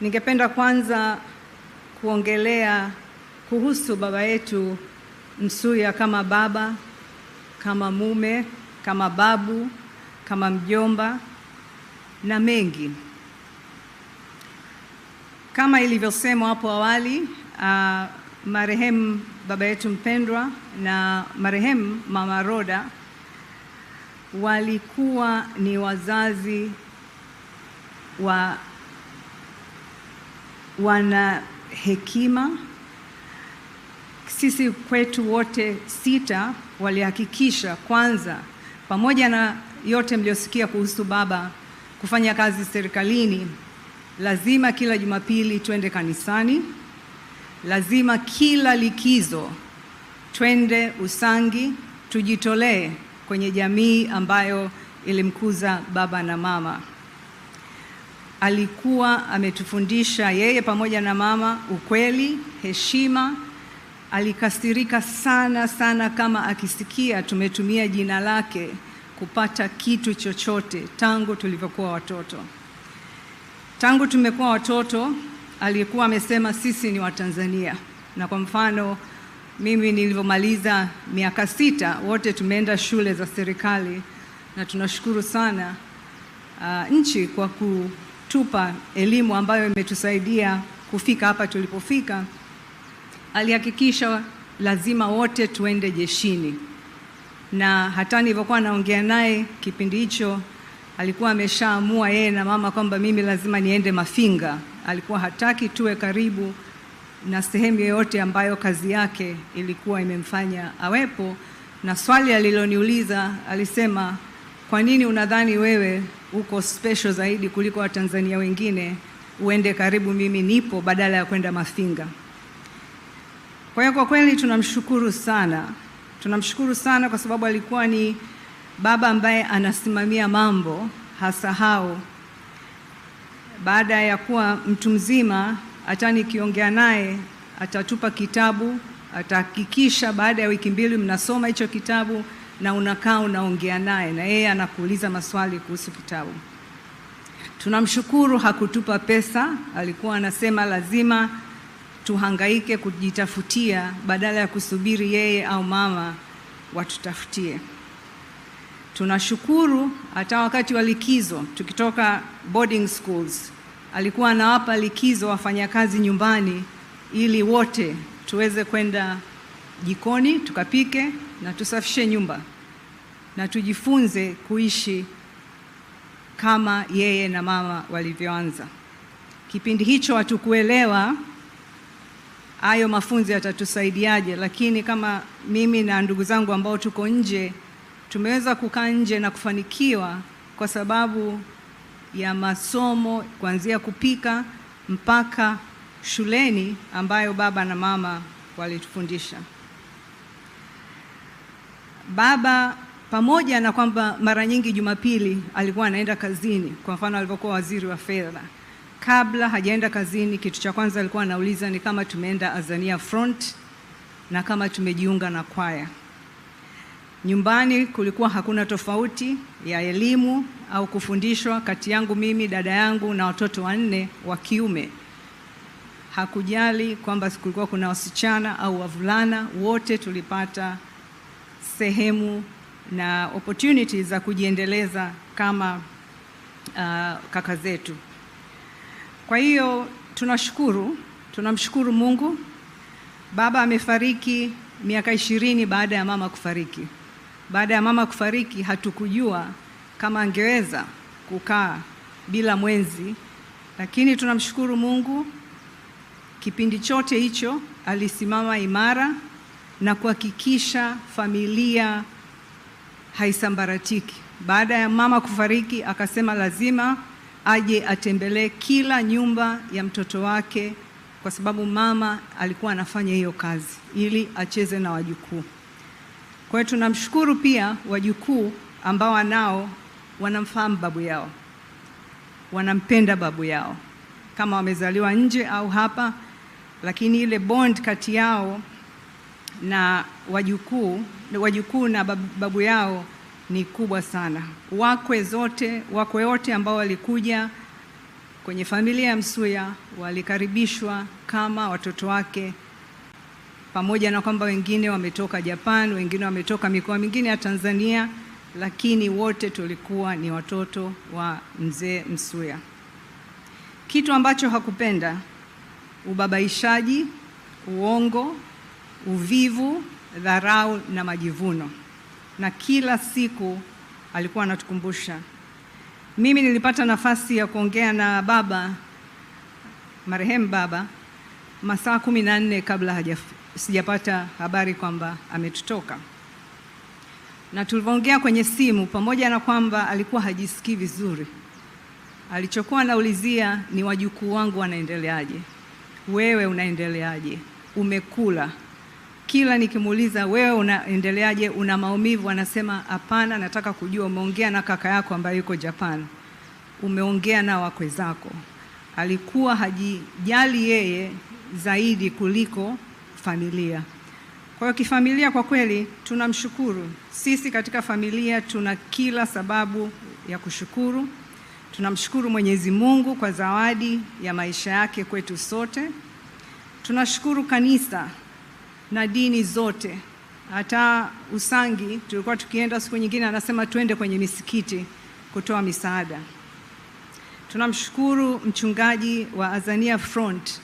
Ningependa kwanza kuongelea kuhusu baba yetu Msuya kama baba, kama mume, kama babu, kama mjomba na mengi. Kama ilivyosemwa hapo awali, uh, marehemu baba yetu mpendwa na marehemu Mama Roda walikuwa ni wazazi wa wana hekima. Sisi kwetu wote sita walihakikisha kwanza, pamoja na yote mliosikia kuhusu baba kufanya kazi serikalini, lazima kila Jumapili twende kanisani, lazima kila likizo twende Usangi, tujitolee kwenye jamii ambayo ilimkuza baba na mama alikuwa ametufundisha yeye pamoja na mama ukweli, heshima. Alikasirika sana sana kama akisikia tumetumia jina lake kupata kitu chochote tangu tulivyokuwa watoto. Tangu tumekuwa watoto, alikuwa amesema sisi ni Watanzania, na kwa mfano mimi nilivyomaliza miaka sita, wote tumeenda shule za serikali na tunashukuru sana uh, nchi kwa ku kutupa elimu ambayo imetusaidia kufika hapa tulipofika, alihakikisha lazima wote tuende jeshini, na hata nilivyokuwa naongea naye kipindi hicho alikuwa ameshaamua yeye na mama kwamba mimi lazima niende Mafinga. Alikuwa hataki tuwe karibu na sehemu yoyote ambayo kazi yake ilikuwa imemfanya awepo, na swali aliloniuliza alisema kwa nini unadhani wewe uko special zaidi kuliko Watanzania wengine uende karibu mimi nipo badala ya kwenda Mafinga? Kwa hiyo kwa kweli tunamshukuru sana, tunamshukuru sana kwa sababu alikuwa ni baba ambaye anasimamia mambo hasa hao Baada ya kuwa mtu mzima, hata nikiongea naye atatupa kitabu, atahakikisha baada ya wiki mbili mnasoma hicho kitabu na unakaa unaongea naye na yeye anakuuliza maswali kuhusu kitabu. Tunamshukuru hakutupa pesa, alikuwa anasema lazima tuhangaike kujitafutia badala ya kusubiri yeye au mama watutafutie. Tunashukuru hata wakati wa likizo tukitoka boarding schools alikuwa anawapa likizo wafanyakazi nyumbani ili wote tuweze kwenda jikoni tukapike na tusafishe nyumba na tujifunze kuishi kama yeye na mama walivyoanza. Kipindi hicho hatukuelewa hayo mafunzo yatatusaidiaje, lakini kama mimi na ndugu zangu ambao tuko nje tumeweza kukaa nje na kufanikiwa kwa sababu ya masomo kuanzia kupika mpaka shuleni ambayo baba na mama walitufundisha baba pamoja na kwamba mara nyingi Jumapili alikuwa anaenda kazini, kwa mfano alivyokuwa waziri wa fedha, kabla hajaenda kazini, kitu cha kwanza alikuwa anauliza ni kama tumeenda Azania Front na kama tumejiunga na kwaya. Nyumbani kulikuwa hakuna tofauti ya elimu au kufundishwa kati yangu mimi, dada yangu na watoto wanne wa kiume. Hakujali kwamba kulikuwa kuna wasichana au wavulana, wote tulipata sehemu na opportunities za kujiendeleza kama uh, kaka zetu. Kwa hiyo tunashukuru, tunamshukuru Mungu. Baba amefariki miaka ishirini baada ya mama kufariki. Baada ya mama kufariki, hatukujua kama angeweza kukaa bila mwenzi, lakini tunamshukuru Mungu, kipindi chote hicho alisimama imara na kuhakikisha familia haisambaratiki. Baada ya mama kufariki, akasema lazima aje atembelee kila nyumba ya mtoto wake, kwa sababu mama alikuwa anafanya hiyo kazi ili acheze na wajukuu. Kwa hiyo tunamshukuru pia wajukuu ambao wanao wanamfahamu babu yao, wanampenda babu yao, kama wamezaliwa nje au hapa, lakini ile bond kati yao na wajukuu, wajukuu na babu yao ni kubwa sana. Wakwe zote wakwe wote ambao walikuja kwenye familia ya Msuya walikaribishwa kama watoto wake, pamoja na kwamba wengine wametoka Japan, wengine wametoka mikoa mingine ya Tanzania, lakini wote tulikuwa ni watoto wa mzee Msuya. Kitu ambacho hakupenda ubabaishaji, uongo uvivu, dharau na majivuno, na kila siku alikuwa anatukumbusha. Mimi nilipata nafasi ya kuongea na baba marehemu baba masaa kumi na nne kabla hajaf, sijapata habari kwamba ametutoka, na tulivyoongea kwenye simu, pamoja na kwamba alikuwa hajisikii vizuri, alichokuwa anaulizia ni wajukuu wangu wanaendeleaje, wewe unaendeleaje, umekula kila nikimuuliza wewe unaendeleaje, una maumivu, anasema hapana, nataka kujua umeongea na kaka yako ambaye yuko Japan, umeongea na wakwe zako. Alikuwa hajijali yeye zaidi kuliko familia. Kwa hiyo kifamilia, kwa kweli tunamshukuru. Sisi katika familia tuna kila sababu ya kushukuru. Tunamshukuru Mwenyezi Mungu kwa zawadi ya maisha yake kwetu sote. Tunashukuru kanisa na dini zote. Hata Usangi tulikuwa tukienda siku nyingine, anasema twende kwenye misikiti kutoa misaada. Tunamshukuru mchungaji wa Azania Front,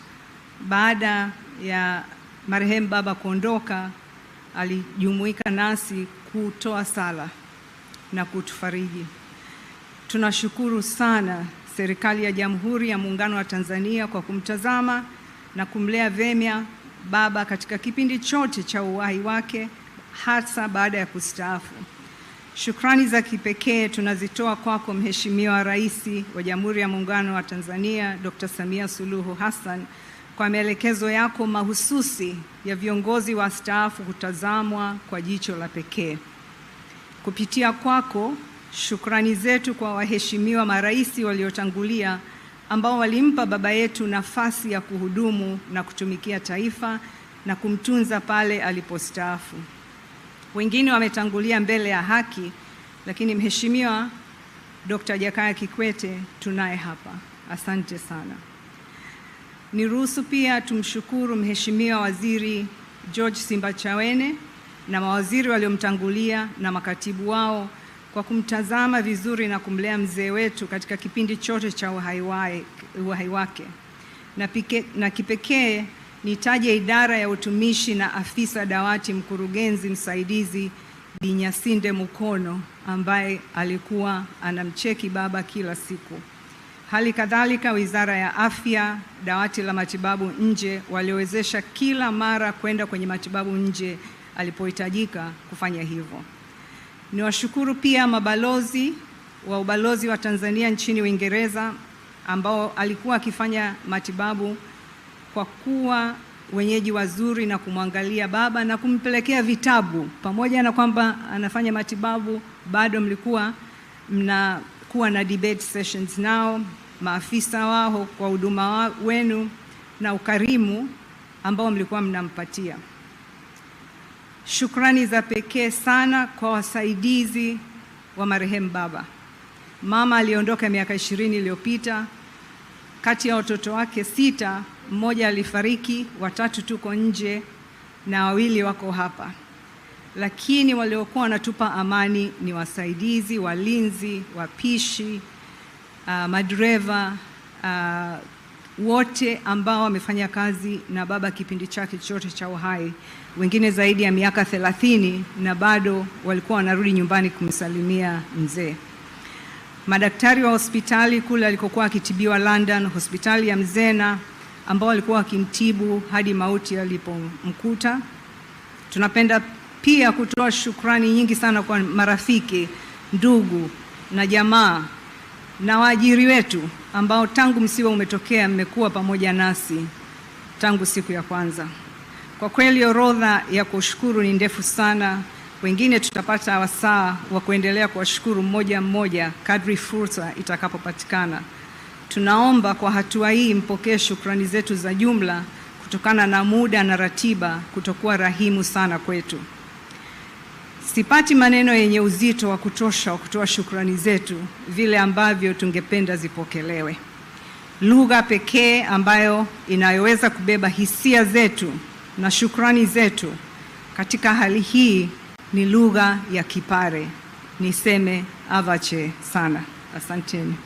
baada ya marehemu baba kuondoka, alijumuika nasi kutoa sala na kutufariji. Tunashukuru sana serikali ya Jamhuri ya Muungano wa Tanzania kwa kumtazama na kumlea vema baba katika kipindi chote cha uhai wake hasa baada ya kustaafu. Shukrani za kipekee tunazitoa kwako Mheshimiwa Rais wa Jamhuri ya Muungano wa Tanzania Dr. Samia Suluhu Hassan kwa maelekezo yako mahususi ya viongozi wastaafu kutazamwa kwa jicho la pekee. Kupitia kwako, shukrani zetu kwa waheshimiwa marais waliotangulia ambao walimpa baba yetu nafasi ya kuhudumu na kutumikia taifa na kumtunza pale alipostaafu. Wengine wametangulia mbele ya haki, lakini Mheshimiwa Dr. Jakaya Kikwete tunaye hapa. Asante sana. Niruhusu pia tumshukuru Mheshimiwa Waziri George Simbachawene na mawaziri waliomtangulia na makatibu wao kwa kumtazama vizuri na kumlea mzee wetu katika kipindi chote cha uhai wake na, na kipekee nitaje idara ya utumishi na afisa dawati mkurugenzi msaidizi binyasinde Mukono ambaye alikuwa anamcheki baba kila siku. Hali kadhalika wizara ya afya, dawati la matibabu nje waliowezesha kila mara kwenda kwenye matibabu nje alipohitajika kufanya hivyo. Niwashukuru pia mabalozi wa ubalozi wa Tanzania nchini Uingereza ambao alikuwa akifanya matibabu kwa kuwa wenyeji wazuri na kumwangalia baba na kumpelekea vitabu. Pamoja na kwamba anafanya matibabu, bado mlikuwa mnakuwa na debate sessions nao, maafisa wao, kwa huduma wenu na ukarimu ambao mlikuwa mnampatia. Shukrani za pekee sana kwa wasaidizi wa marehemu baba. Mama aliondoka miaka ishirini iliyopita. Kati ya watoto wake sita, mmoja alifariki, watatu tuko nje na wawili wako hapa, lakini waliokuwa wanatupa amani ni wasaidizi, walinzi, wapishi, uh, madereva uh, wote ambao wamefanya kazi na baba kipindi chake chote cha uhai, wengine zaidi ya miaka thelathini na bado walikuwa wanarudi nyumbani kumsalimia mzee. Madaktari wa hospitali kule alikokuwa akitibiwa London, hospitali ya Mzena, ambao walikuwa wakimtibu hadi mauti yalipomkuta. Tunapenda pia kutoa shukrani nyingi sana kwa marafiki, ndugu na jamaa na waajiri wetu ambao tangu msiba umetokea mmekuwa pamoja nasi tangu siku ya kwanza. Kwa kweli orodha ya kushukuru ni ndefu sana, wengine tutapata wasaa wa kuendelea kuwashukuru mmoja mmoja kadri fursa itakapopatikana. Tunaomba kwa hatua hii mpokee shukrani zetu za jumla kutokana na muda na ratiba kutokuwa rahimu sana kwetu. Sipati maneno yenye uzito wa kutosha wa kutoa shukrani zetu vile ambavyo tungependa zipokelewe. Lugha pekee ambayo inayoweza kubeba hisia zetu na shukrani zetu katika hali hii ni lugha ya Kipare. Niseme avache sana. Asanteni.